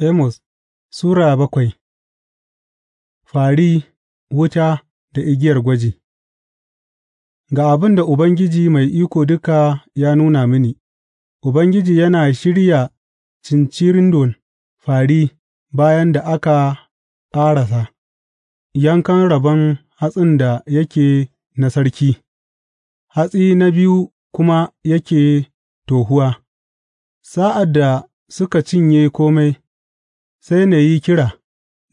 Amos Sura bakwai Fari, wuta da igiyar gwaji Ga abin da Ubangiji Mai Iko Duka ya nuna mini, Ubangiji yana shirya cincirindon fari bayan da aka ƙarasa yankan rabon hatsin da yake na sarki, hatsi na biyu kuma yake tohuwa, sa'ad da suka cinye komai sai na yi kira,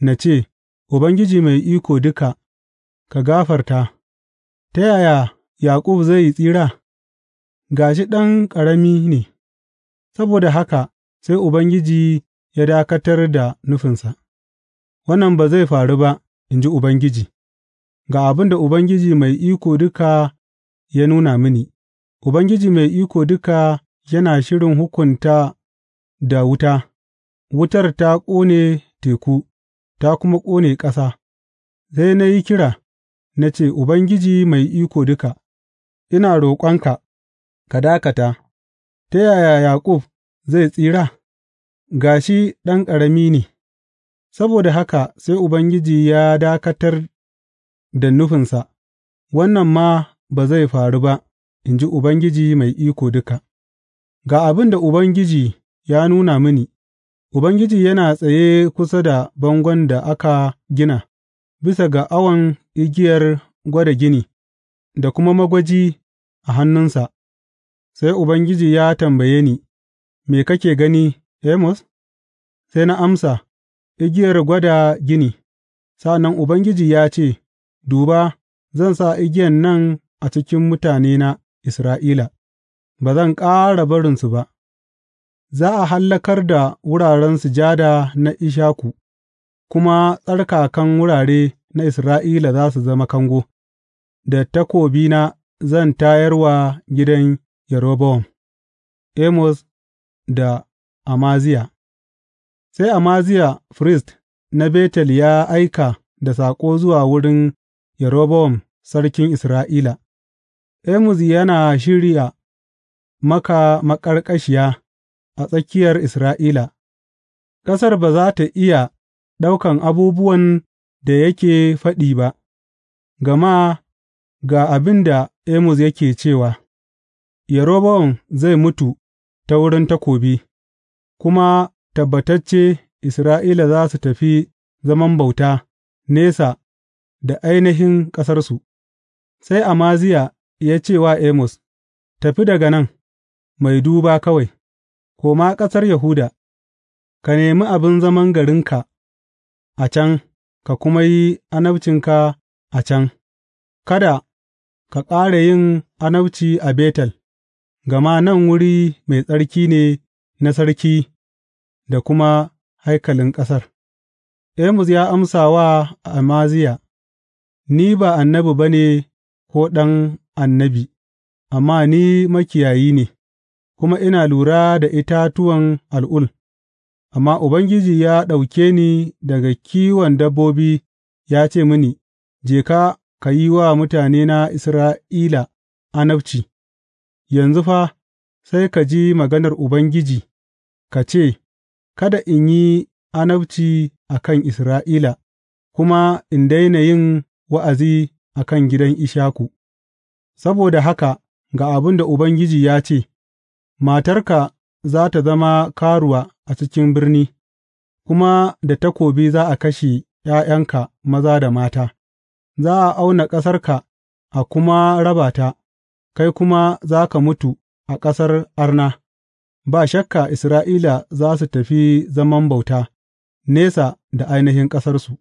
na ce, Ubangiji Mai Iko Duka, ka gafarta, ta yaya Yaƙub zai tsira, ga shi ɗan ƙarami ne, saboda haka sai Ubangiji ya dakatar da nufinsa, wannan ba zai faru ba, in ji Ubangiji, ga abin da Ubangiji Mai Iko Duka ya nuna mini, Ubangiji Mai Iko Duka yana shirin hukunta da wuta. wutar ta ƙone teku ta kuma ƙone ƙasa, sai na yi kira, na ce, Ubangiji Mai Iko Duka, ina roƙonka, ka dakata, ta yaya Yaƙub zai tsira? Ga shi ɗan ƙarami ne, saboda haka sai Ubangiji ya dakatar da nufinsa, wannan ma ba zai faru ba, in ji Ubangiji Mai Iko Duka. Ga abin da Ubangiji ya nuna mini. Ubangiji yana tsaye kusa da bangon da aka gina, bisa ga awon igiyar gwada gini, da kuma magwaji a hannunsa, sai Ubangiji ya tambaye ni, Me kake gani, Amos? Sai na amsa, Igiyar gwada gini, sa'an nan Ubangiji ya ce, Duba, zan sa igiyan nan a cikin mutanena Isra'ila, ba zan ƙara barinsu ba. Za a hallakar da wuraren sujada na Ishaku, kuma tsarkakan wurare na Isra'ila za su zama kango; da takobina zan tayar wa gidan Yerobowam, Amos da Amaziya Sai Amaziya firist na Betel ya aika da saƙo zuwa wurin Yerobowam sarkin Isra'ila, Amos yana shirya maka maƙarƙashiya. a tsakiyar Isra'ila, ƙasar ba za tă iya ɗaukan abubuwan da yake faɗi ba, gama ga abin da Amos yake cewa, Yerobowam zai mutu ta wurin takobi, kuma tabbatacce Isra'ila za su tafi zaman bauta nesa da ainihin ƙasarsu. Sai Amaziya ya ce wa Amos, Tafi daga nan, mai duba kawai. Koma ƙasar Yahuda, ka nemi abin zaman garinka a can ka kuma yi annabcinka a can; kada ka ƙara yin annabci a Betel, gama nan wuri mai tsarki ne na sarki da kuma haikalin ƙasar. Amos ya amsa wa Amaziya, Ni ba annabi ba ne ko ɗan annabi, amma ni makiyayi ne. kuma ina lura da itatuwan al'ul, amma Ubangiji ya ɗauke ni daga kiwon dabbobi ya ce mini, Je ka ka yi wa mutanena Isra'ila annabci, yanzu fa sai ka ji maganar Ubangiji ka ce, Kada in yi annabci a kan Isra'ila, kuma in daina yin wa'azi a kan gidan Ishaku, saboda haka ga abin da Ubangiji ya ce. Matarka za tă zama karuwa a cikin birni, kuma da takobi za a kashe ’ya'yanka maza da mata; za a auna ƙasarka a kuma raba ta, kai kuma za ka mutu a ƙasar arna, ba shakka Isra'ila za su tafi zaman bauta, nesa da ainihin ƙasarsu.